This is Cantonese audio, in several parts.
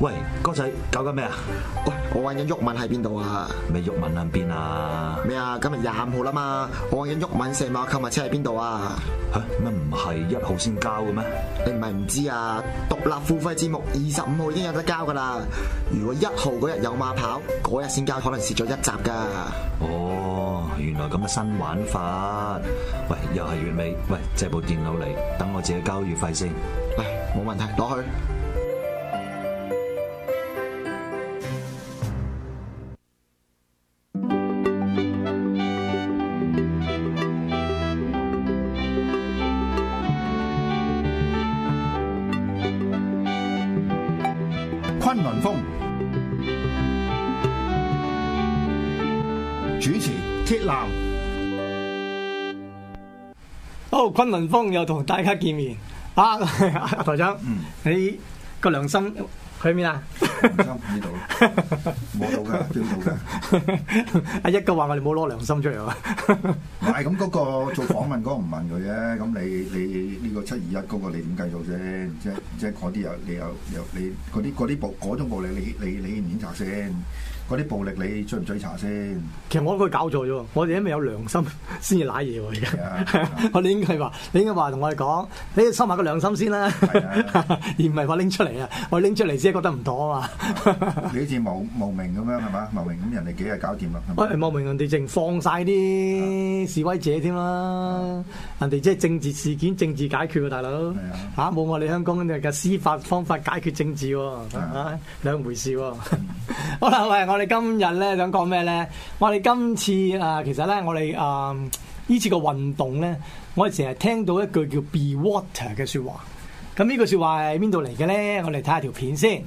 喂，哥仔搞緊咩啊？喂，我揾緊玉文喺邊度啊？咩玉文喺邊啊？咩啊？今日廿五號啦嘛，我揾緊玉文四碼購物車喺邊度啊？吓，咩唔係一號先交嘅咩？你唔係唔知啊？獨立付費節目二十五號已經有得交噶啦。如果一號嗰日有馬跑，嗰日先交，可能蝕咗一集噶。哦，原來咁嘅新玩法。喂，又係月尾。喂，借部電腦嚟，等我自己交月費先。喂，冇問題，攞去。崑崙風又同大家見面，啊，阿台長，你個良心喺邊啊？良心喺呢度，冇到㗎，都要到㗎。阿一哥話：我哋冇攞良心出嚟啊！唔係，咁嗰個做訪問嗰個唔問佢啫。咁你你呢個七二一嗰個你點計數先？即即講啲又你又又你嗰啲嗰啲暴嗰種暴力你你你你檢察先。嗰啲暴力你追唔追查先？其實我都搞錯咗，我哋都未有良心先至賴嘢喎！而家我你應該話，你應該話同我哋講，你收埋個良心先啦，是 而唔係話拎出嚟啊！我拎出嚟先覺得唔妥啊嘛！你好似冒冒名咁樣係嘛？冒名咁人哋幾日搞掂啊？喂、哎，冒名人哋淨放晒啲示威者添啦，人哋即係政治事件政治解決喎，大佬嚇冇我哋香港嘅司法方法解決政治喎、啊，兩回事喎、啊！嗯、 好啦，喂我。我哋今日咧想講咩咧？我哋今次啊、呃，其實咧我哋啊呢次個運動咧，我哋成日聽到一句叫 be water 嘅說話。咁呢句說話係邊度嚟嘅咧？我哋睇下條片先。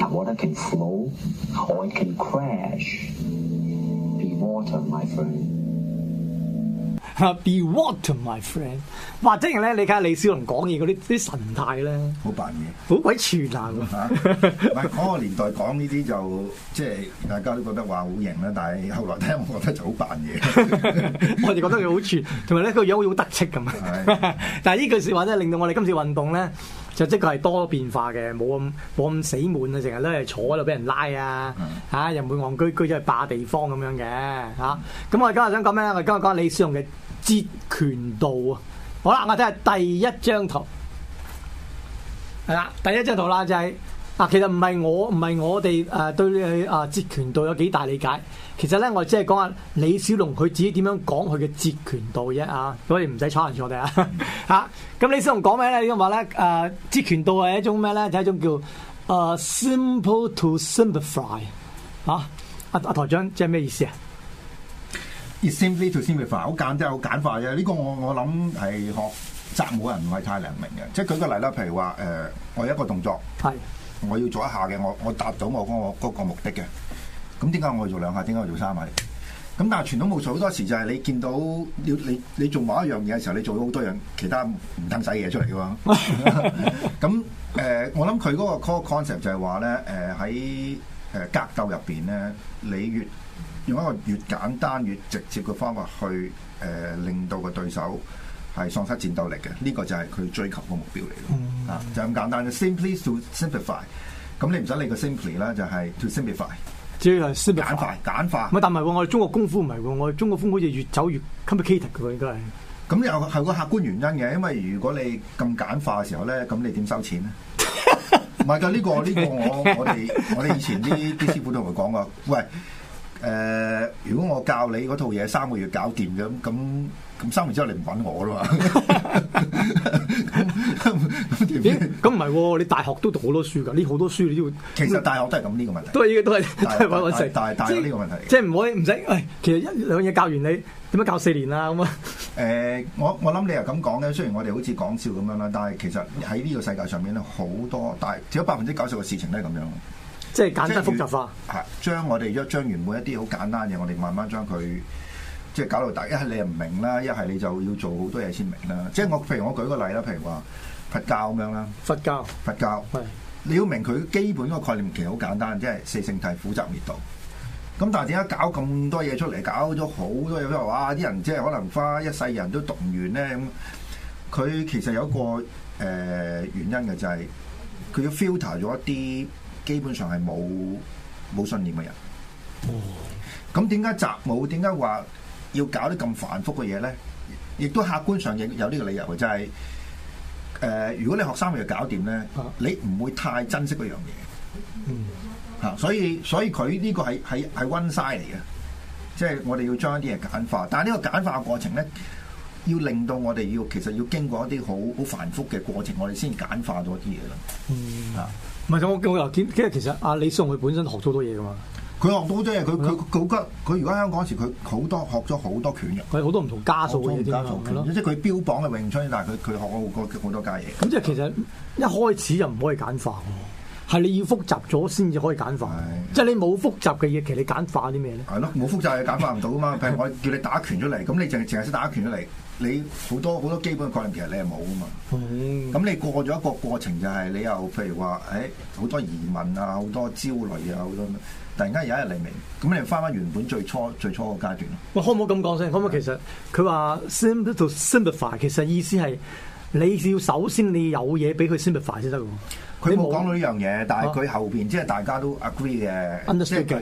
水可以流，或可以 crash。be water，my friend。be water，my friend。或者係咧，你睇下李小龍講嘢嗰啲啲神態咧，好扮嘢，好鬼串啊！嗰、啊嗰個年代講呢啲就即係大家都覺得話好型啦，但係後來聽我覺得就好扮嘢， 我哋覺得佢好串，同埋咧個樣好好得戚咁。但係呢句説話咧，令到我哋今次運動咧。就即係多變化嘅，冇咁冇咁死悶、mm. 啊！成日都係坐喺度俾人拉啊，嚇又唔會戇居居咗去霸地方咁樣嘅嚇。咁、啊 mm. 我哋今日想講咩咧？我哋今日講李小龍嘅截拳道啊！好啦，我哋睇下第一張圖係啦，第一張圖啦就係、是。嗱、啊，其實唔係我，唔係我哋誒、呃、對佢誒截拳道有幾大理解。其實咧，我即係講下李小龍佢自己點樣講佢嘅截拳道啫啊，所以唔使錯人錯我啊嚇。咁、啊、李小龍講咩咧？佢話咧誒截拳道係一種咩咧？就係一種叫誒、uh, simple to simplify 嚇、啊。阿、啊、阿、啊、台長即係咩意思啊？It simply to simplify，好簡真好簡化啫。呢、這個我我諗係學習武人唔係太明嘅。即係舉個例啦，譬如話誒、呃，我有一個動作係。我要做一下嘅，我我達到我嗰個目的嘅。咁點解我要做兩下？點解我做三下？咁但係傳統武術，好多時就係你見到你你你做某一樣嘢嘅時候，你做咗好多樣其他唔等使嘢出嚟嘅喎。咁 誒、 呃，我諗佢嗰個 core concept 就係話咧，誒喺誒格鬥入邊咧，你越用一個越簡單越直接嘅方法去誒、呃、令到個對手，係喪失戰鬥力嘅，呢、這個就係佢追求嘅目標嚟嘅、嗯，啊就咁簡單嘅，simply to simplify、嗯。咁、嗯、你唔使理個 simply 啦，就係、是、to simplify，即係簡化簡化。唔係，但係我哋中國功夫唔係喎，我哋中國功夫好似越走越 complicated 嘅，應該係。咁又係個客觀原因嘅，因為如果你咁簡化嘅時候咧，咁你點收錢咧？唔係㗎，呢、這個呢、這個我我哋我哋以前啲啲師傅同我講㗎，喂誒、呃，如果我教你嗰套嘢三個月搞掂咁咁。咁三年之後你唔搵我啦嘛。 那？點？咁唔係，你大學都讀好多書噶，呢好多書你要。其實大學都係咁呢個問題，都係依個，都係 都是 大學揾揾食。但係但係呢個問題，即係唔可以唔使喂。其實一兩嘢教完你，點樣教四年啦咁啊？誒、 欸，我我諗你又咁講咧。雖然我哋好似講笑咁樣啦，但係其實喺呢個世界上面咧，好多，但係只有百分之九十嘅事情都係咁樣。即係簡單複雜化，係將我哋一將完每一啲好簡單嘅嘢，我哋慢慢將佢。即係搞到大，一係你又唔明啦，一係你就要做好多嘢先明啦。即係我，譬如我舉個例啦，譬如話佛教咁樣啦，佛教佛教，你要明佢基本個概念其實好簡單，即係四聖諦、苦集滅道。咁但係點解搞咁多嘢出嚟，搞咗好多嘢之後，哇！啲人即係可能花一世人都讀唔完咧咁。佢其實有一個誒、呃、原因嘅，就係佢要 filter 咗一啲基本上係冇冇信念嘅人。哦，咁點解習武？點解話？要搞啲咁繁複嘅嘢咧，亦都客觀上亦有呢個理由嘅，就係、是、誒、呃，如果你學生咪未搞掂咧、啊，你唔會太珍惜嗰樣嘢。嗯。啊、所以所以佢呢個係係係溫篩嚟嘅，即係、就是、我哋要將一啲嘢簡化。但係呢個簡化嘅過程咧，要令到我哋要其實要經過一啲好好繁複嘅過程，我哋先簡化咗啲嘢咯。嗯。嚇、啊，唔係咁，我我又見，其實阿李松佢本身學咗好多嘢噶嘛。佢學到好多嘢，佢佢佢佢如果在香港嗰時，佢好多學咗好多拳嘅。佢好多唔同家數嘅。啲即係佢標榜嘅詠春，但係佢佢學過好多家嘢。咁即係其實一開始就唔可以簡化喎，係你要複雜咗先至可以簡化。即、哦、係你冇複雜嘅嘢，其實、就是、你，你簡化啲咩咧？係咯，冇複雜嘅簡化唔到啊嘛。譬 如我叫你打拳出嚟，咁你淨係淨係識打拳出嚟，你好多好多基本嘅概念其實你係冇㗎嘛。咁你過咗一個過程就係、是、你又譬如話，誒、哎、好多移民啊，好多焦慮啊，好多。突然間有一日黎明，咁你翻翻原本最初最初個階段咯。喂，可唔可以咁講先，可唔可以？其實佢話 simplify，其實意思係你要首先你有嘢俾佢 simplify 先得喎。佢冇講到呢樣嘢，但係佢後邊、啊、即係大家都 agree 嘅，Understood. 即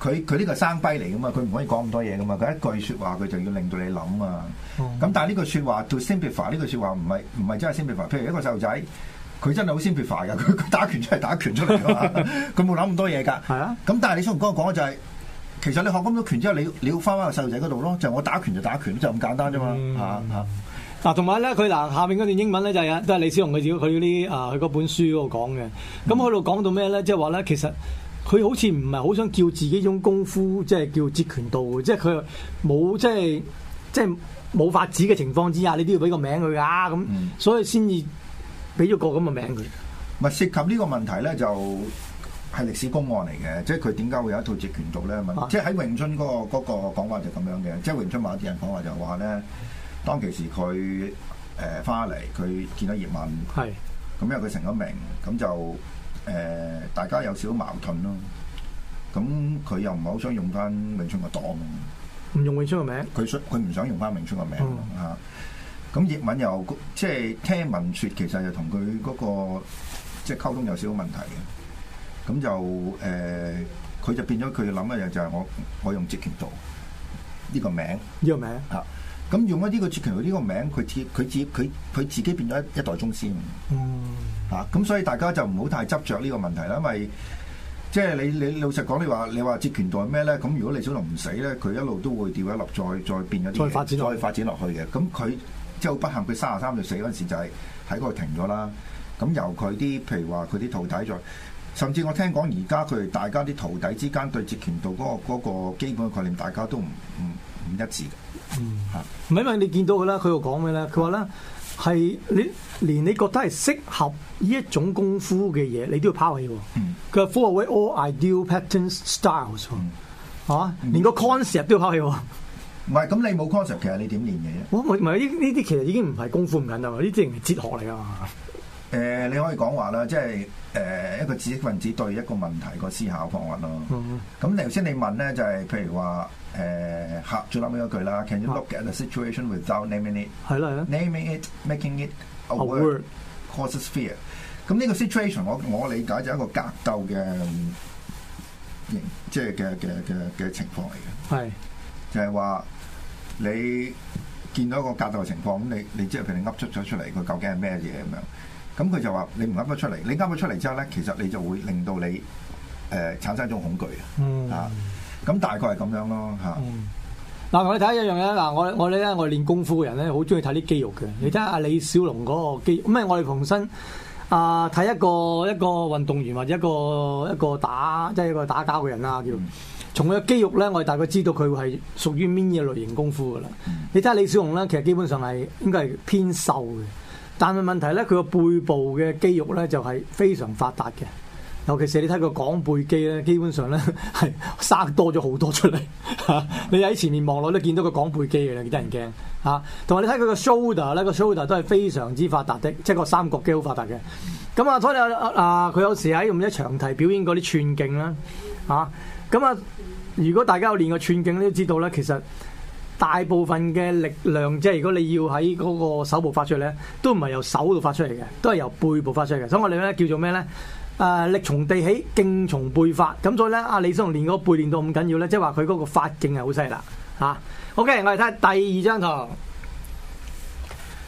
佢佢呢個生胚嚟噶嘛，佢唔可以講咁多嘢噶嘛，佢一句説話佢就要令到你諗啊。咁、嗯、但係呢句説話 to simplify 呢句説話唔係唔係真係 simplify。譬如一個細路仔。佢真係好先 prefer 噶，佢佢打拳出嚟，打拳出嚟噶，佢冇諗咁多嘢噶。係啊，咁但係李小龍嗰個講就係、是，其實你學咁多拳之後，你你翻翻個細路仔嗰度咯，就是、我打拳就打拳，就咁簡單啫嘛、嗯。啊嗱，同埋咧，佢嗱下邊嗰段英文咧、就是嗯，就係都係李小龍佢佢嗰啲啊，佢嗰本書嗰度講嘅。咁喺度講到咩咧？即係話咧，其實佢好似唔係好想叫自己種功夫，即、就、係、是、叫截拳道即係佢冇即係即係冇法子嘅情況之下，你都要俾個名佢噶咁，所以先至。俾咗個咁嘅名佢，咪涉及呢個問題咧？就係歷史公案嚟嘅，即係佢點解會有一套截拳道咧？問，即係喺詠春嗰、那個嗰、那個講話就咁樣嘅，即係詠春某一啲人講話就話咧，當其時佢誒翻嚟，佢、呃、見到葉問係，咁因為佢成咗名，咁就誒、呃、大家有少少矛盾咯。咁佢又唔係好想用翻詠春個黨，唔用詠春個名，佢佢唔想用翻詠春個名、嗯咁葉文又即係聽聞說其實又同佢嗰個即係溝通有少少問題嘅。咁就誒，佢、呃、就變咗佢諗一樣，就係我我用截拳道呢個名呢個名咁用咗呢個截拳道呢個名，佢接佢佢佢自己變咗一代宗師。咁、嗯，所以大家就唔好太執着呢個問題啦，因為即係、就是、你你老實講，你話你話截拳道咩咧？咁如果李小龍唔死咧，佢一路都會掉一粒，再再變咗啲，再發展再發展落去嘅。咁、嗯、佢。之後不幸，佢三十三就死嗰陣時就係喺嗰度停咗啦。咁由佢啲，譬如話佢啲徒弟再，甚至我聽講而家佢哋大家啲徒弟之間對截拳道嗰、嗰個基本嘅概念，大家都唔唔唔一致嘅。嗯，嚇、啊，咪因為你見到佢啦，佢又講咩咧？佢話咧係你連你覺得係適合呢一種功夫嘅嘢，你都要拋棄、哦。嗯，佢話 Fall away all ideal patterns styles 嚇、嗯啊嗯，連個 concept 都要拋棄、哦。唔係，咁你冇 concept，其實你點練嘅啫？我唔係，呢呢啲，其實已經唔係功夫咁緊啦，呢啲係哲學嚟噶、呃。你可以講話啦，即係、呃、一個知識分子對一個問題個思考方法咯。咁頭先你問咧，就係、是、譬如話誒，下、呃、最後一句啦，can you look at the situation without naming it？咯、嗯、咯，naming it，making it a word causes fear、嗯。咁呢個 situation，我我理解就係一個格鬥嘅，即係嘅嘅嘅嘅情況嚟嘅。係。就係、是、話你見到一個格鬥嘅情況，咁你你即係譬如你噏出咗出嚟，佢究竟係咩嘢咁樣？咁佢就話你唔噏得出嚟，你噏咗出嚟之後咧，其實你就會令到你誒、呃、產生一種恐懼、嗯、啊！咁大概係咁樣咯嚇。嗱、嗯啊，我哋睇一樣嘢啦。嗱，我我咧，我練功夫嘅人咧，好中意睇啲肌肉嘅。你睇下阿李小龍嗰個肌肉，咁誒，我哋重新啊睇一個一個運動員或者一個一個打即係一個打交嘅人啦叫。嗯。從佢嘅肌肉咧，我哋大概知道佢係屬於邊嘅類型功夫噶啦。你睇下李小龍咧，其實基本上係應該係偏瘦嘅，但係問題咧，佢個背部嘅肌肉咧就係、是、非常發達嘅。尤其是你睇個廣背肌咧，基本上咧係生多咗好多出嚟、啊。你喺前面望落都見到個廣背肌嘅啦，幾得人驚嚇。同、啊、埋你睇佢個 shoulder 咧，個 shoulder 都係非常之發達的，即係個三角肌好發達嘅。咁啊，睇下啊，佢、啊、有時喺用一長提表演嗰啲寸勁啦，嚇、啊。咁啊！如果大家有練過寸勁都知道咧，其實大部分嘅力量，即係如果你要喺嗰個手部發出嚟咧，都唔係由手度發出嚟嘅，都係由背部發出嚟嘅。所以我哋咧叫做咩咧？誒力從地起，勁從背發。咁所以咧，阿李小龍練嗰背練到咁緊要咧，即係話佢嗰個發勁係好犀利嚇。OK，我哋睇下第二張圖。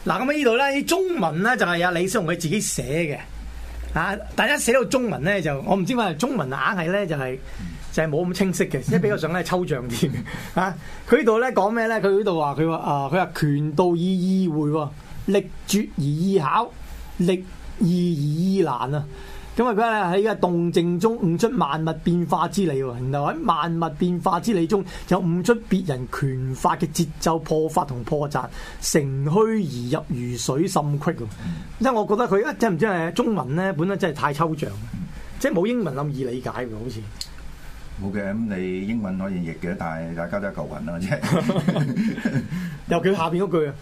嗱，咁啊依度咧，中文咧就係阿李小龍佢自己寫嘅。啊，大家寫到中文咧就我唔知點解中文硬係咧就係、是。就係冇咁清晰嘅，即係比較上咧抽象啲嘅，佢呢度咧講咩咧？佢呢度話佢話啊，佢話拳道以意會，力絕而易考，力易而易難啊！咁啊，佢喺個動靜中悟出萬物變化之理喎，然後喺萬物變化之理中又悟出別人拳法嘅節奏破發同破綻，乘虛而入如水滲隙、嗯。因為我覺得佢一、啊、真唔知係中文咧，本身真係太抽象，嗯、即係冇英文咁易理解喎，好似。冇嘅，咁你英文可以譯嘅，但係大家都係嚿雲啦，即係。尤其下邊嗰句啊，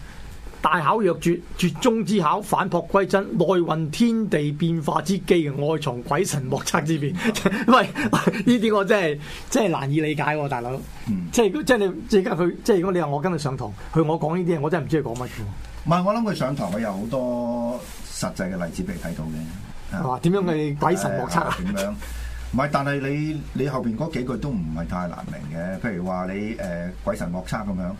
大巧若絕，絕中之巧；反璞歸真，內運天地變化之機，外藏鬼神莫測之變。喂，呢啲我真係真係難以理解，大佬、嗯就是。即係即係你即家佢，即係如果你話我今日上堂，佢我講呢啲嘢，我真係唔知佢講乜。唔係，我諗佢上堂佢有好多實際嘅例子俾你睇到嘅。點、啊、點樣鬼神莫測啊？啊唔係，但係你你後邊嗰幾句都唔係太難明嘅。譬如話你誒、呃、鬼神莫測咁樣，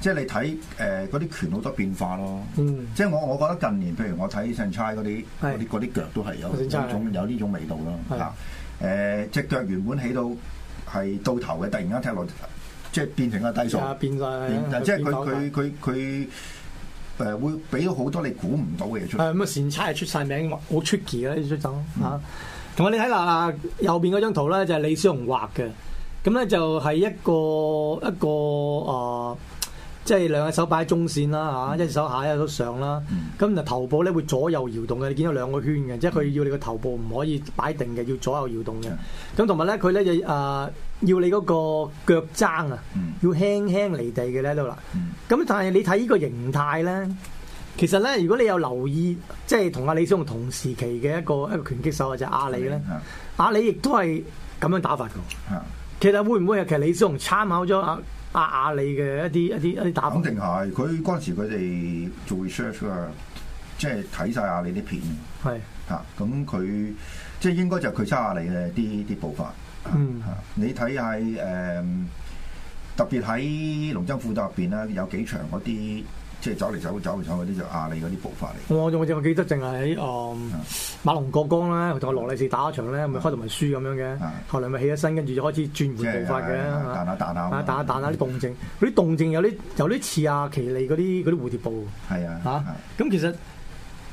即係你睇誒嗰啲拳好多變化咯。嗯、即係我我覺得近年譬如我睇善差嗰啲嗰啲啲腳都係有種係有呢種味道咯。係啊，誒、呃、隻腳原本起到係到頭嘅，突然間踢落，即係變成個低數。係啊，變晒，即係佢佢佢佢誒會俾到好多你估唔到嘅嘢出嚟。係咁啊，善差係出晒名，好出奇啦呢出走嚇。同埋你睇下、啊、右邊嗰張圖咧就係、是、李小龍畫嘅，咁咧就係一個一個誒，即係兩隻手擺喺中線啦，吓、啊、一隻手下一手上啦，咁就頭部咧會左右搖動嘅，你見到兩個圈嘅，嗯、即係佢要你個頭部唔可以擺定嘅，要左右搖動嘅。咁同埋咧，佢咧就誒要你嗰個腳踭啊，要輕輕離地嘅呢度啦。咁但係你睇呢個形態咧。其實咧，如果你有留意，即係同阿李小龍同時期嘅一個一個拳擊手，就係、是、阿里咧，阿里亦都係咁樣打法噶。其實會唔會係其實李小龍參考咗阿阿阿里嘅一啲一啲一啲打法肯定係，佢嗰陣時佢哋做 research 啊、就是，即係睇晒阿里啲片。係吓，咁佢即係應該就佢抄阿里嘅啲啲步伐。是是是看看嗯，你睇下，誒，特別喺《龍爭虎鬥》入邊啦，有幾場嗰啲。即係走嚟走走嚟走嗰啲就阿里嗰啲步伐嚟、哦。我仲我記得，淨係喺誒馬龍過江咧，同阿羅禮士打一場咧，咪開頭咪輸咁樣嘅，後來咪起咗身，跟住就開始轉換步伐嘅，彈下彈下，啊彈下彈下啲動靜，嗰 啲動靜有啲有啲似阿奇利嗰啲啲蝴蝶步。係啊，嚇咁其實。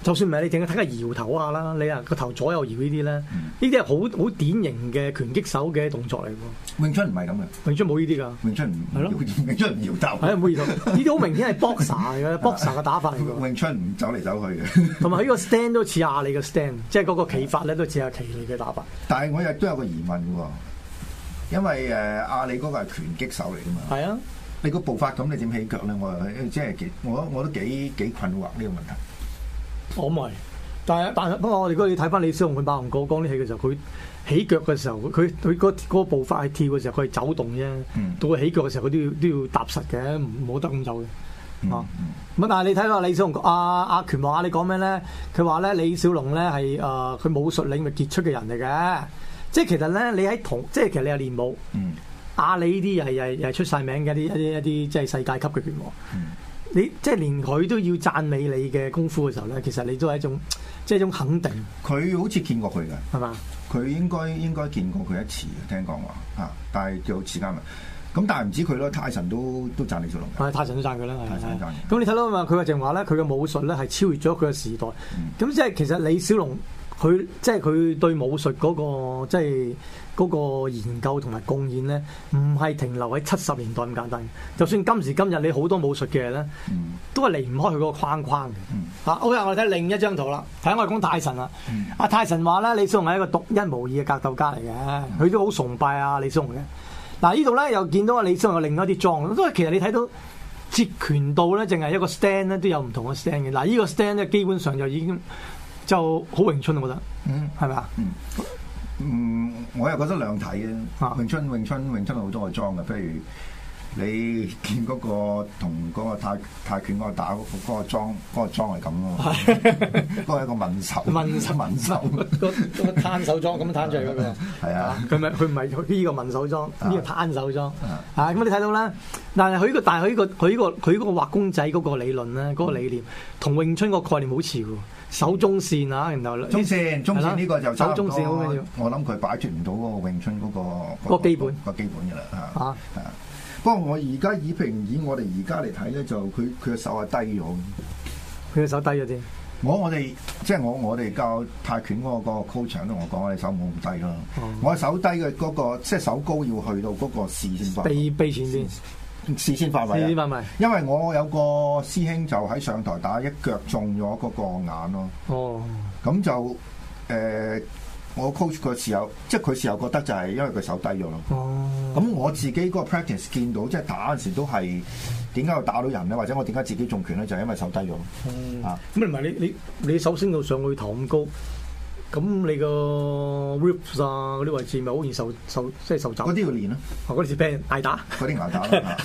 就算唔係你淨係睇下搖頭下啦，你啊個頭左右搖呢啲咧，呢啲係好好典型嘅拳擊手嘅動作嚟嘅。詠春唔係咁嘅，詠春冇呢啲噶。詠春唔係咯，詠春唔搖頭。係唔會搖頭，呢啲好明顯係 boxer 嚟嘅 ，boxer 嘅打法嚟。詠春唔走嚟走去嘅，同埋佢個 stand 都似阿里嘅 stand，即係嗰個企法咧都似阿奇類嘅打法。嗯、但係我又都有個疑問嘅，因為誒阿里嗰個係拳擊手嚟噶嘛。係啊，你，個，你個步法咁，你點起腳咧？我又即係我我都幾幾困惑呢、這個問題。我唔係，但係但係不過我哋如果要睇翻李小龍佢霸王過江啲戲嘅時候，佢起腳嘅時候，佢佢佢嗰個步伐係跳嘅時候，佢係走動啫、嗯。到佢起腳嘅時候，佢都要都要踏實嘅，唔好得咁走嘅、嗯。啊，咁、嗯嗯、但係你睇下李小龍阿阿權話你講咩咧？佢話咧李小龍咧係誒佢武術領域傑出嘅人嚟嘅。即係其實咧，你喺同即係其實你又練武。嗯。阿里呢啲又係又係出晒名嘅一啲一啲一啲即係世界級嘅拳王。嗯你即係連佢都要讚美你嘅功夫嘅時候咧，其實你都係一種即係一種肯定。佢好似見過佢嘅，係嘛？佢應該應該見過佢一次嘅，聽講話。嚇、啊！但係有次間咪咁，但係唔止佢咯，泰臣都都讚李小龍的。係泰臣都讚佢啦。泰臣讚咁你睇到啊嘛？佢話正話咧，佢嘅武術咧係超越咗佢嘅時代。咁、嗯、即係其實李小龍。佢即係佢對武術嗰、那個即係嗰個研究同埋貢獻咧，唔係停留喺七十年代咁簡單。就算今時今日，你好多武術嘅嘢咧，都係離唔開佢個框框嘅。啊、嗯，好啦，我哋睇另一張圖啦，睇我哋講泰臣啦。阿、嗯、泰臣話咧，李小龍係一個獨一無二嘅格鬥家嚟嘅，佢都好崇拜阿、啊、李小龍嘅。嗱，呢度咧又見到阿李小龍嘅另一啲裝，都係其實你睇到截拳道咧，淨係一個 stand 咧都有唔同嘅 stand 嘅。嗱，呢個 stand 咧基本上就已經。就好詠春啊，我覺得，嗯，係咪啊？嗯，嗯，我又覺得兩睇啊。詠春詠春詠春好多個裝嘅，譬如你見嗰個同嗰個泰泰拳嗰個打嗰個裝嗰、嗰個裝係咁咯，都個係一個文手，文 手文手，手 嗰個攤手裝咁攤出嚟嗰個係啊，佢咪佢咪呢個文手裝呢個攤手裝啊，咁你睇到啦，但係佢呢個但係佢呢個佢呢個佢呢個畫公仔嗰個理論咧嗰、嗰個理念同詠春個概念好似嘅。手中線啊，然後中線中線呢個就手中線好緊要。中線我諗佢擺脱唔到嗰個詠春嗰個,個,個,個,個基本個基本㗎啦嚇。嚇、啊，不過我而家以平以我哋而家嚟睇咧，就佢佢嘅手係低咗佢嘅手低咗先。我我哋即係我我哋教泰拳嗰個 coach 唱都同我講我哋手冇咁低咯、嗯。我手低嘅嗰、那個即係、就是、手高要去到嗰個視線範。備備錢先。事先發埋、啊，因為我有個師兄就喺上台打一腳中咗個眼咯。哦，咁、呃、就我 coach 嘅時候，即係佢時候覺得就係因為佢手低咗咯。哦，咁我自己嗰個 practice 見到，即係打嗰時候都係點解會打到人咧？或者我點解自己中拳咧？就係、係、因為手低咗。哦、嗯，啊，咁唔係你你你首先就上去投咁高。咁你個 rips 啊嗰啲位置咪好易受受即係受肘。嗰啲要練咯、啊，嗰啲俾人挨打，嗰啲挨打啦。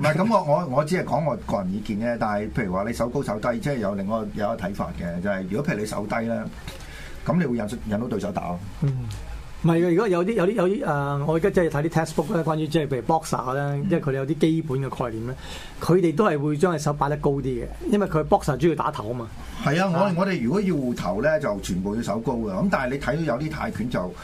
唔係咁，我我我只係講我個人意見啫。但係譬如話你手高手低，即係有另外有一個睇法嘅，就係如果譬如你手低啦，咁你會引引到對手打咯。嗯。唔係嘅，如果有啲有啲有啲誒、呃，我而家即係睇啲 textbook 咧，關於即係譬如 boxing 咧、嗯，因為佢哋有啲基本嘅概念咧，佢哋都係會將隻手擺得高啲嘅，因為佢 boxing 主要打頭啊嘛。係啊，嗯、我我哋如果要護頭咧，就全部要手高啊。咁但係你睇到有啲泰拳就。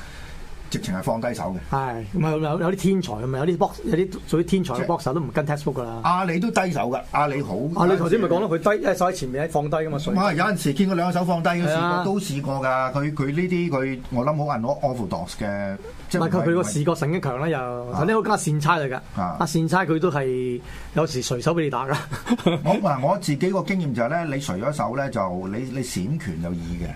直情係放低手嘅，係有有啲天才，唔係有啲 b o 有啲做啲天才嘅 boxer 都唔跟 testbook 噶啦、啊。阿里都低手嘅，阿、啊、里好。阿里頭先咪講咯，佢低一手喺前面放低嘅嘛。唔係有陣時見過兩手放低嗰時候，啊、都試過㗎。佢佢呢啲佢我諗好可攞 off the box 嘅。唔係佢佢個視覺強經強啦，又嗱呢個加阿差嚟㗎。阿、啊啊、差佢都係有時隨手俾你打㗎。 我自己個經驗就係、是、咧，你隨咗手咧，就你你閃拳有意嘅。.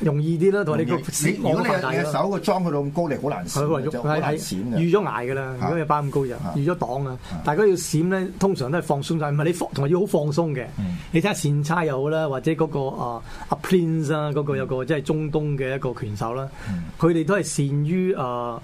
容易啲啦，同埋你個視網放大，如果你隻手個裝去到咁高，你好難閃，預咗挨噶啦。如果你班咁高嘅，預咗擋啊！大家要閃咧，通常都係放鬆晒。唔係你放，同埋要好放鬆嘅、嗯。你睇下善差又好啦，或者嗰、那個啊阿 Prince 啊，嗰個有個即係、就是、中東嘅一個拳手啦，佢、嗯、哋都係善於啊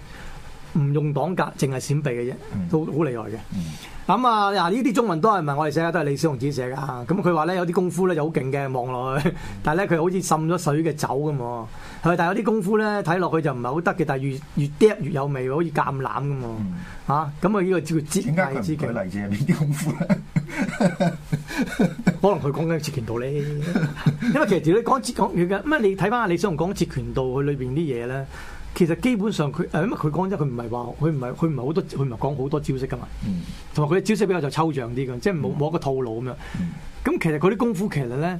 唔、呃、用擋格，淨係閃避嘅啫，都好厲害嘅。嗯嗯。咁、嗯、啊，嗱呢啲中文都係唔係我哋寫嘅，都係李小龍自己寫噶。咁佢話咧有啲功夫咧就好勁嘅，望落去，但係咧佢好似滲咗水嘅酒咁喎。係、嗯，但係有啲功夫咧睇落去就唔係好得嘅，但係越越嗒,越有味，好似橄欖嘅嘛。咁啊呢、嗯嗯嗯、個叫做藝之點解佢舉例子係邊啲功夫咧？可能佢講緊截拳道咧，因為其實你講截講嘅，咁啊你睇翻李小龍講截拳道佢裏邊啲嘢咧。其實基本上佢，誒，佢講真，佢唔係話，佢唔係，佢唔係好多，佢唔係講好多招式噶嘛。同埋佢啲招式比較就抽象啲嘅，即係冇冇一個套路咁樣。咁、嗯、其實佢啲功夫其實咧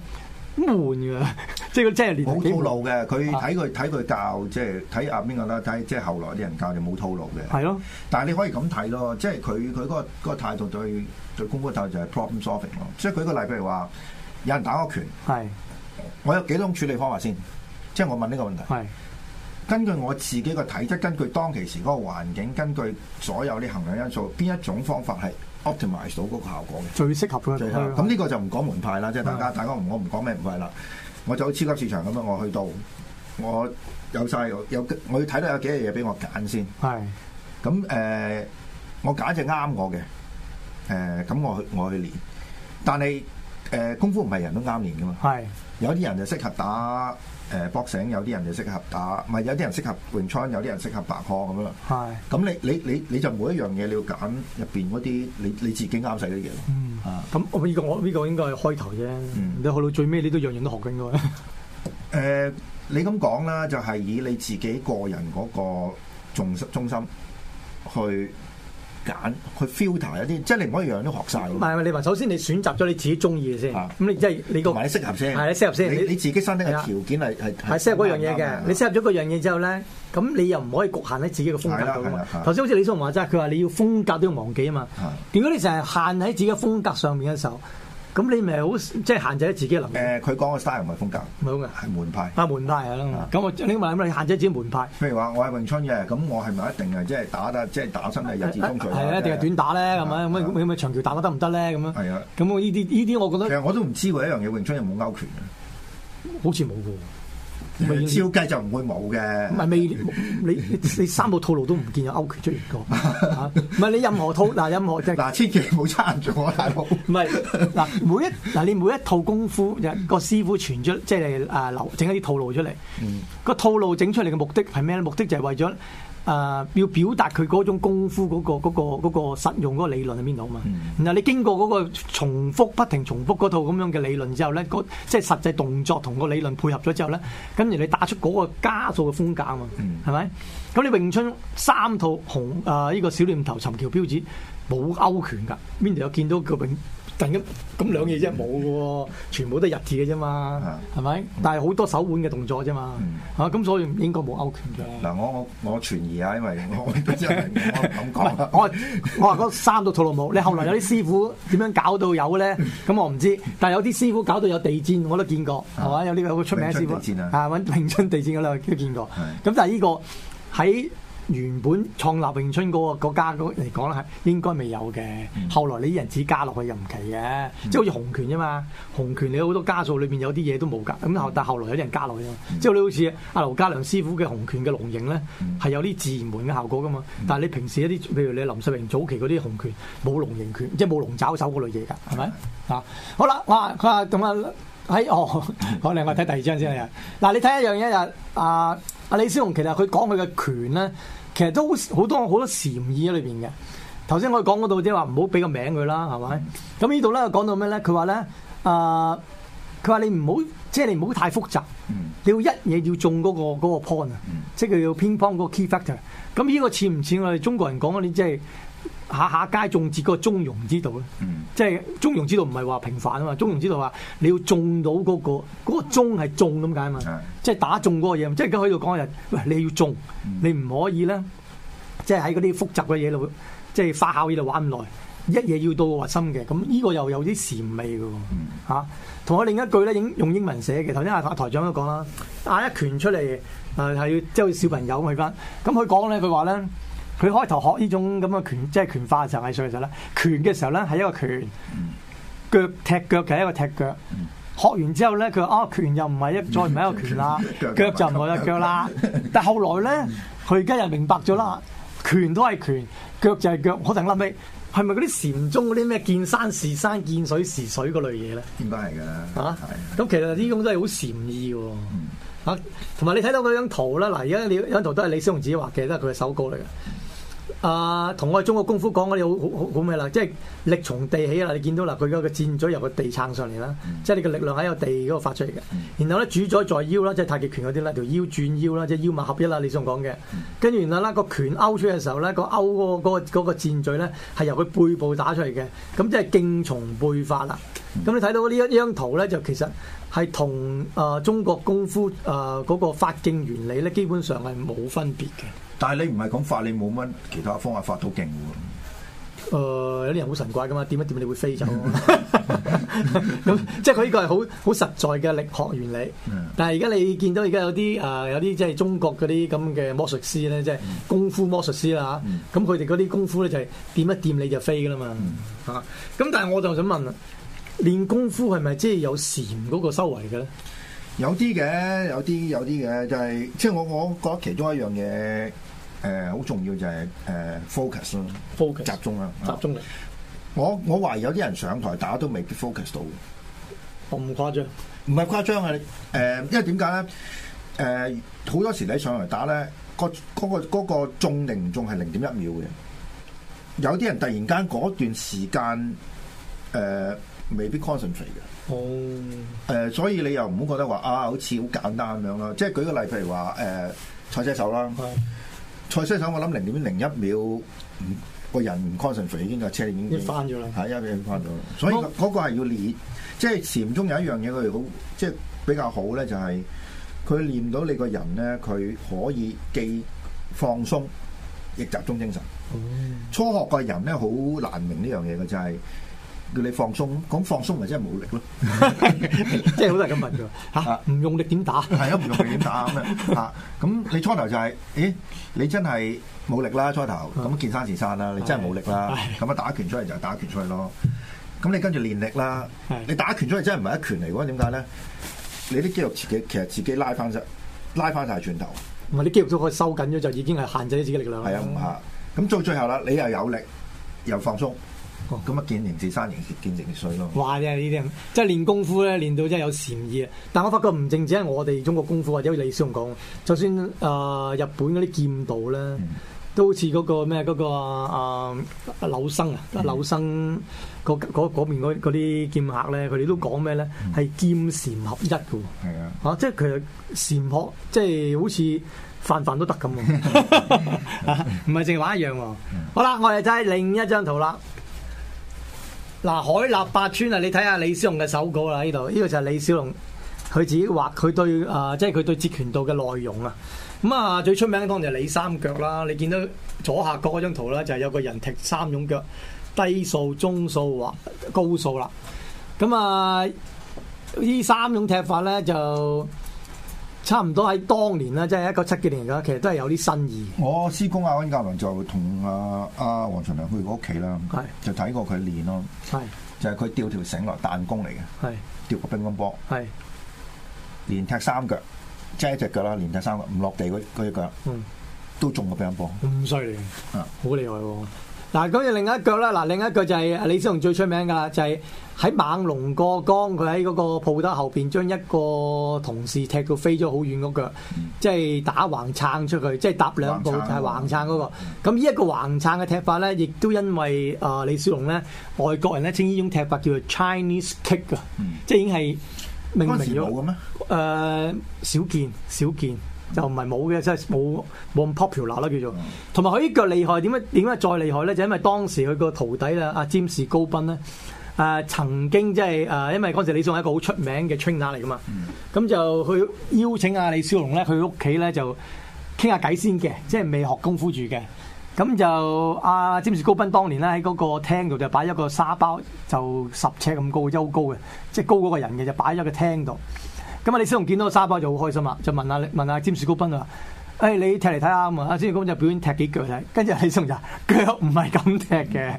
悶㗎，即係即係練。冇套路嘅，佢睇佢睇佢教，啊、即係睇阿邊個啦，睇即係後來啲人教就冇套路嘅。係咯。但係你可以咁睇咯，即係佢佢嗰個嗰、嗰個、態度對對功夫嘅態度就係 problem solving 咯。所以舉個例譬如話，有人打個拳，係。我有幾種處理方法先，即係我問呢個問題。係。根據我自己個體質，根據當其時嗰個環境，根據所有啲衡量因素，邊一種方法係 optimise 到嗰個效果嘅最適合嘅最適合的。咁呢個就唔講門派啦，即係大家大家我唔講咩門派啦。我就好超級市場咁樣我去到，我有晒，有，有我要睇到有幾樣嘢俾我揀先。係咁誒，我揀隻啱我嘅誒，咁、呃、我去我去練，但係。誒、呃、功夫唔係人都啱練嘅嘛，有啲人就適合打誒 b o x 有啲人就適合打，唔、呃、係有啲人，、呃、人適合詠春，有啲人適合白鶴咁樣咯。係，咁你你你你就每一樣嘢你要揀入邊嗰啲你你自己啱使啲嘢咯。啊、嗯，咁呢個我呢、這個應該係開頭啫、嗯，你去到最尾你都樣樣都學緊嘅喎。誒，你咁講啦，就係以你自己個人嗰個重中心去。揀去 filter 有啲，即係你唔可以樣樣都學曬。唔係唔係，你話首先你選擇咗你自己中意嘅先，咁、啊、你即係你個唔係你適合先，係你適合先。你，你自己身體嘅條件係係係適合嗰樣嘢嘅。你適合咗嗰樣嘢之後咧，咁你又唔可以局限喺自己嘅風格度。頭先、啊啊啊啊、好似李松話齋，佢話你要風格都要忘記嘛啊嘛。如果你成日限喺自己嘅風格上面嘅時候。咁、嗯、你咪好即係限制咗自己嘅能力。佢講嘅 style 唔係風格，冇嘅係門派。啊，門派係啦。咁、嗯、我你話咁啊，你限制自己門派。譬如話，我係詠春嘅，咁我係咪一定係即係打得即係打身係由始終佢？係啊，定、啊、係、啊啊、短打咧？係咪咁咪長橋打得唔得咧？咁樣。係啊。咁我依啲呢啲，我覺得其實我都唔知喎一樣嘢，詠春有冇勾拳啊？好似冇喎。超雞就唔會冇嘅，唔係未？你你三個套路都唔見有勾拳出現過，唔 係、啊、你任何套嗱任何即係嗱千祈唔好撐住我，大佬唔係嗱每一嗱你每一套功夫就個師傅傳出即係、就是、啊流整一啲套路出嚟，個、嗯、套路整出嚟嘅目的係咩咧？目的就係為咗。誒、呃、要表達佢嗰種功夫嗰、那個嗰、那個那個那個、實用嗰個理論喺邊度啊嘛，然後你經過嗰個重複不停重複嗰套咁樣嘅理論之後咧，即係實際動作同個理論配合咗之後咧，跟住你打出嗰個加數嘅風格啊嘛，係、嗯、咪？咁你詠春三套紅誒呢、呃這個小念頭尋橋標指冇勾拳㗎，邊度有見到那個詠？咁咁兩嘢啫，冇嘅喎，全部都係日字嘅啫嘛，係、嗯、咪？但係好多手腕嘅動作啫嘛，咁、嗯啊、所以應該冇勾拳嘅。嗱、嗯，我我我存疑啊，因為我唔知， 我唔敢講。我我話嗰三個套路冇，你後來有啲師傅點樣搞到有咧？咁我唔知。但係有啲師傅搞到有地戰，我都見過，係、啊、嘛？有呢個好出名師傅，啊，揾、嗯、詠春地戰嗰都見過。咁但係呢個喺，原本創立詠春嗰個個家嚟講咧，係應該未有嘅。後來呢啲人只加落去又唔奇嘅、嗯，即係好似洪拳啫嘛。洪拳你好多家數裏邊有啲嘢都冇噶，咁後但後來有啲人加落去啊、嗯。即係你好似阿劉家良師傅嘅洪拳嘅龍形咧，係、嗯、有啲自然門嘅效果噶嘛。但係你平時一啲，譬如你林世榮早期嗰啲洪拳冇龍形拳，即係冇龍爪手嗰類嘢㗎，係、嗯、咪？啊，好啦、哎哦嗯哦嗯，我佢話同啊喺哦講嚟，我睇第二張先啊。嗱、嗯，你睇一樣嘢日。啊。阿李小龍其實佢講佢嘅拳咧，其實都好多好多禪意喺裏邊嘅。頭先我哋講嗰度即係話唔好俾個名佢啦，係咪？咁、mm. 呢度咧，講到咩咧？佢話咧，啊、呃，佢話你唔好，即、就、係、是、你唔好太複雜，mm. 你要一嘢要中嗰、那個嗰、那個 point 啊、mm.，即係佢要 pinpoint 嗰個 key factor。咁呢個似唔似我哋中國人講嗰啲即係？就是下下街種節嗰個中庸之道咧、嗯，即係中庸之道唔係話平凡啊嘛，中庸之道話你要種到嗰個嗰個宗係種咁解啊嘛，即係打中嗰個嘢，即係而家喺度講嘅人，喂，你要種，你唔可以咧，即係喺嗰啲複雜嘅嘢度，即係發酵嘢度玩唔耐，一嘢要到核心嘅，咁呢個又有啲禪味嘅喎嚇，同我另一句咧，英用英文寫嘅，頭先阿阿台長都講啦，打一拳出嚟，誒、呃係、要，即係小朋友咁樣去，咁佢講咧，佢話咧。佢開頭學呢種咁嘅拳，即、就、係、是、拳法嘅時候，藝術嘅時候咧。拳嘅時候咧，係一個拳，腳踢腳嘅一個踢腳。嗯、學完之後咧，佢話：哦、啊，拳又唔係一，再唔係一個拳啦、嗯，腳就唔係一腳啦、嗯。但係後來咧，佢而家又明白咗啦、嗯。拳都係拳，腳就係腳。可能諗起係咪嗰啲禪宗嗰啲咩見山是山，見水是水嗰類嘢咧？應該係㗎。啊，咁其實呢種都係好禪意喎。同、嗯、埋、啊、你睇到嗰張圖啦，嗱，而家你張圖都係李小龍自己畫嘅，都係佢嘅手稿嚟嘅。啊、呃，同我哋中國功夫講嗰啲好好好咩啦，即係力從地起啦，你見到啦，佢嗰個箭嘴由個地撐上嚟啦，即係你個力量喺個地嗰度發出嚟嘅。然後咧，主宰在腰啦，即係太極拳嗰啲啦，條腰轉腰啦，即係腰脈合一，腰馬合一啦，你所講嘅。跟住然後咧，個拳勾出嘅時候咧，勾的那個勾嗰、那個嗰箭嘴咧，係由佢背部打出嚟嘅。咁即係勁從背發啦。咁你睇到這一呢一張圖咧，就其實係同啊中國功夫啊嗰、呃那個發勁原理咧，基本上係冇分別嘅。但係你唔係咁發，你冇乜其他方法發到勁喎。誒、呃，有啲人好神怪噶嘛？掂一掂你會飛走。咁 即係佢呢個係好好實在嘅力學原理。嗯、但係而家你見到而家有啲誒、呃，有啲即係中國嗰啲咁嘅魔術師咧，即係功夫魔術師啦吓。咁佢哋嗰啲功夫咧就係掂一掂你就飛噶啦嘛。嗯。吓、啊。咁但係我就想問啦，練功夫係咪即係有禪嗰個修為嘅咧？有啲嘅，有啲有啲嘅，就係、是、即係我我覺得其中一樣嘢。誒、呃，好重要就係、是、誒、呃、focus 咯，focus 集中啦、嗯，集中力。我我懷疑有啲人上台打都未必 focus 到我唔誇張，咁誇張？唔係誇張啊，誒、呃，因為點解咧？誒、呃，好多時你上台打咧，那個嗰、那個、那個重唔重係零點一秒嘅，有啲人突然間嗰段時間，誒、呃，未必 concentrate 嘅。哦、嗯，誒、呃，所以你又唔好覺得話啊，好似好簡單咁樣咯。即係舉個例子，譬如話誒賽車手啦。賽車手我諗零點零一秒，個人 concentration 已經架車已經翻咗啦。係一啲翻咗、嗯，所以嗰、那個係要練。即、就、係、是、潛中有一樣嘢，佢好即係比較好咧、就是，就係佢練到你個人咧，佢可以既放鬆亦集中精神。嗯、初學嘅人咧，好難明呢樣嘢嘅就係、是。叫你放鬆，咁放鬆咪真係冇力咯， 即係好多人咁問㗎，吓、啊、唔用力點打？係啊，唔用力點打咩？吓 咁、啊、你初頭就係、是，咦、欸，你真係冇力啦，初頭咁見山是山啦，你真係冇力啦，咁啊打拳出嚟就打拳出嚟咯。咁你跟住練力啦，你打拳出嚟真係唔係一拳嚟嘅，點解咧？你啲肌肉自己其實自己拉翻實，拉翻晒拳頭，唔、啊、係你啲肌肉都可以收緊咗，就已經係限制自己力量。係啊，咁到最後啦，你又有力又放鬆。咁啊，見形似山，形似見形水咯。哇！真係呢啲，即、就、係、是、練功夫咧，練到真係有禪意啊！但我發覺唔淨止係我哋中國功夫或者好似李小龍講，就算誒、呃、日本嗰啲劍道咧，嗯、都好似嗰、那個咩嗰、那個啊柳生啊柳生個嗰嗰嗰啲劍客咧，佢哋都講咩咧？係劍禪合一喎。啊！那那嗯、啊即係其實禪學即係好似飯飯都得咁喎。唔係淨係話一樣喎、哦。好啦，我哋睇另一張圖啦。嗱，海納百川啊！你睇下李小龍嘅手稿啦，呢度呢個就係李小龍佢自己畫，佢對啊，即係佢對截拳道嘅內容啊。咁啊，最出名的當然就係李三腳啦。你見到左下角嗰張圖咧，就係有個人踢三種腳，低數、中數或高數啦。咁啊，呢三種踢法咧就。差唔多喺當年啦，即係一九七幾年嘅，其實都係有啲新意我、啊。我師公阿溫教良就同阿阿黃長良去過屋企啦，是就睇過佢練咯，就係佢吊條繩落彈弓嚟嘅，是吊個乒乓波是連，連踢三腳，即係一隻腳啦，連踢三腳唔落地嗰嗰隻腳，都中個乒乓波。咁犀利，好厲害喎、啊！嗱，咁就另一腳啦。嗱，另一腳就係李小龍最出名噶啦，就係喺猛龍過江，佢喺嗰個鋪頭後邊將一個同事踢到飛咗好遠嗰腳，即係打橫撐出去，即係踏兩步就係橫撐嗰個。咁依一個橫撐嘅踢法咧，亦都因為啊李小龍咧，外國人咧稱依種踢法叫做 Chinese kick 噶，即係已經係命名咗。誒，少見少見。就唔係冇嘅，即係冇冇咁 popular 啦叫做。同埋佢呢腳厲害，點解點解再厲害咧？就是、因為當時佢個徒弟啊，阿占士高斌咧，誒、呃、曾經即係誒，因為嗰陣時李少龍係一個好出名嘅 trainer 嚟噶嘛。咁、嗯、就去邀請阿李少龍咧去屋企咧就傾下偈先嘅，嗯、即係未學功夫住嘅。咁就阿占士高斌當年咧喺嗰個廳度就擺咗一個沙包就那麼，就十尺咁高的，優、就是、高嘅，即係高嗰個人嘅，就擺咗個廳度。今日李小龍見到個沙包就好開心啦，就問下你，問下占士高賓啊。誒、哎，你踢嚟睇下啊！阿詹士高就表演踢幾腳啦，跟住李小龍就腳唔係咁踢嘅，咁、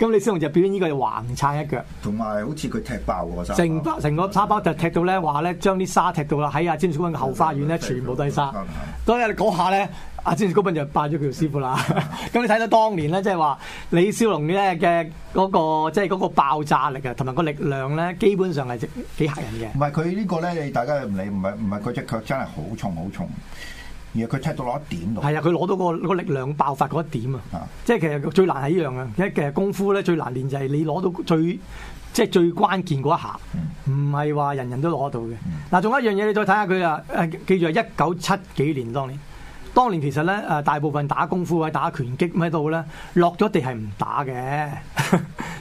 嗯、李小龍就表演呢個橫撐一腳，同埋好似佢踢爆啊！成成個沙包就踢到咧，話咧將啲沙踢到啦，喺阿詹士高嘅後花園咧，全部都係沙。今日你講下咧，阿詹士高就拜咗佢師傅啦。咁、嗯、 你睇到當年咧，即係話李小龍咧嘅嗰個即係、就是、個爆炸力啊，同埋個力量咧，基本上係幾吓人嘅。唔係佢呢個咧，你大家唔理，唔係唔係佢隻腳真係好重好重。佢出到攞一點度，係啊！佢攞到個個力量爆發嗰一點啊！即係其實最難係一樣啊！一其實功夫咧最難練就係你攞到最即係最關鍵嗰一下，唔係話人人都攞到嘅。嗱、嗯，仲有一樣嘢你再睇下佢啊！記住係一九七幾年當年，當年其實咧誒大部分打功夫或者打拳擊喺度咧，落咗地係唔打嘅，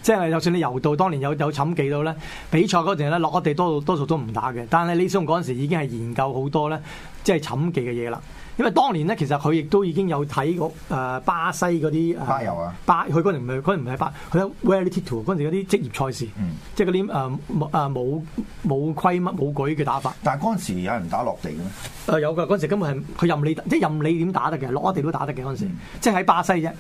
即係、就係、就算你柔道當年有有寢技到咧，比賽嗰陣咧落咗地多數多數都唔打嘅。但係李松嗰陣時已經係研究好多咧，即係寢技嘅嘢啦。因為當年咧，其實佢亦都已經有睇過誒巴西嗰啲、呃，巴有啊佢唔係，巴去嗰唔係嗰陣唔係巴，佢有 Vale Tudo 嗰陣時嗰啲職業賽事，嗯、即係嗰啲誒誒冇冇規乜冇矩嘅打法。但係嗰陣時有人打落地嘅咩？誒、呃、有㗎，嗰陣時根本係佢任你即係任你點打得嘅，落地都打得嘅嗰陣時，嗯、即係喺巴西啫。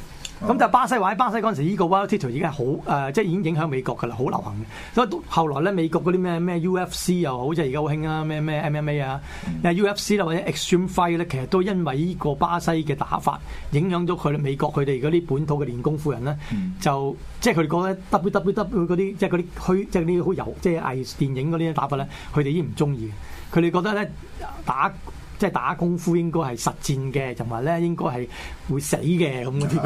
咁、嗯、就是、巴西話喺巴西嗰陣時，呢個 wild title 已經係好、呃、即已經影響美國㗎啦，好流行。所以後來咧，美國嗰啲咩咩 UFC 又好，即係而家好興啊，咩咩 MMA 啊，UFC 啦或者 Extreme Fight 咧，其實都因為呢個巴西嘅打法，影響咗佢美國佢哋嗰啲本土嘅練功夫人咧、嗯，就即係佢哋覺得 W W W 嗰啲，即係嗰啲虛，即係呢啲好油，即係藝電影嗰啲打法咧，佢哋已經唔中意。佢哋覺得咧打。即係打功夫，應該係實戰嘅，同埋咧應該係會死嘅咁嗰啲。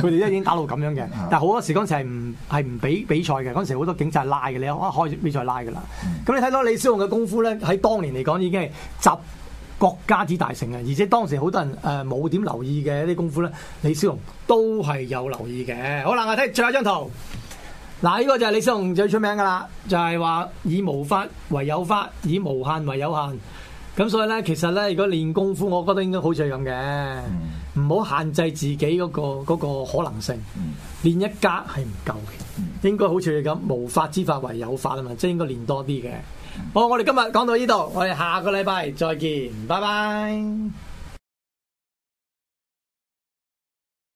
佢哋都已經打到咁樣嘅，但係好多時嗰時係唔係唔畀比賽嘅。嗰時好多警察拉嘅，你一、啊、開比賽拉嘅啦。咁、嗯、你睇到李小龍嘅功夫咧，喺當年嚟講已經係集國家之大成嘅，而且當時好多人誒冇點留意嘅一啲功夫咧，李小龍都係有留意嘅。好啦，我睇最後一張圖。嗱，呢、呢個就係李小龍最出名噶啦，就係、是、話以無法為有法，以無限為有限。咁 所以咧，其實咧，如果練功夫，我覺得應該好似係咁嘅，唔、嗯、好限制自己嗰、那個嗰、那個、可能性。嗯、練一格係唔夠嘅，應該好似佢咁，無法之法為有法啊嘛，即係應該練多啲嘅、嗯。好，我哋今日講到呢度，我哋下個禮拜再見，拜拜。